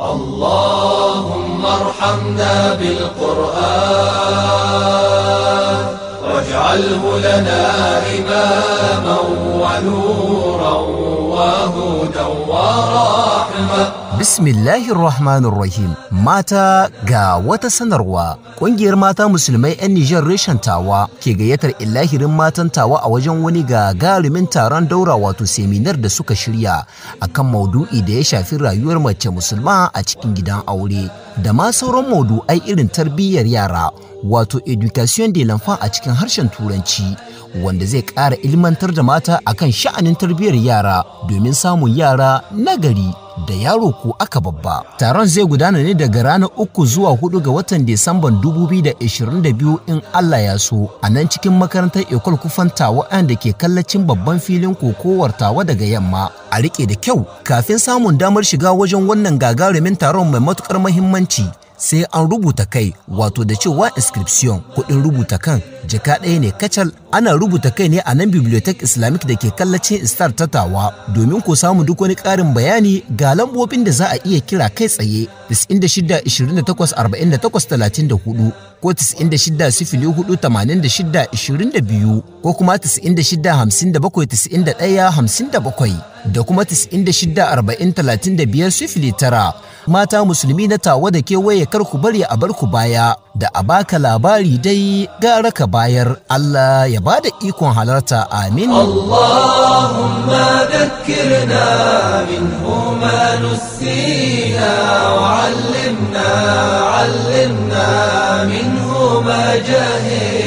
اللهم ارحمنا بالقرآن واجعله لنا إماما ونورا Bismillahirrahmanirrahim. Mata ga wata sanarwa. Ƙungiyar mata musulmai 'yan Nijar reshen tawa ke gayyatar illahirin matan tawa a wajen wani gagarumin taron daura wato seminar da suka shirya akan maudu'i da ya shafi rayuwar mace musulma a cikin gidan aure. da ma sauran maudu'ai irin tarbiyyar yara wato education de l'enfant a cikin harshen turanci wanda zai ƙara ilmantar da mata akan sha'anin tarbiyyar yara domin samun yara nagari da yaro ko aka babba taron zai gudana ne daga ranar uku zuwa hudu ga watan disamban 2022 in allah ya so a nan cikin makarantar ekol kufan tawa da ke kallacin babban filin kokowar tawa daga yamma a riƙe da kyau kafin samun damar shiga wajen wannan gagarumin taron mai matukar muhimmanci musulunci sai an rubuta kai wato da cewa inscription kuɗin rubuta kan jaka ɗaya ne kacal ana rubuta kai ne a nan bibliotek islamic da ke kallacin star tatawa domin ku samu duk wani ƙarin bayani ga lambobin da za a iya kira kai tsaye 96 ko 96 ko kuma 96 da kuma 96 40 tara mata musulmi na tawa da kewaye kar ku bari a bar ku baya da a baka labari dai gara ka bayar Allah ya ba da ikon halarta amin Allahumma dhakkirna minhu ma nussina wa 'allimna 'allimna minhu ma jahilna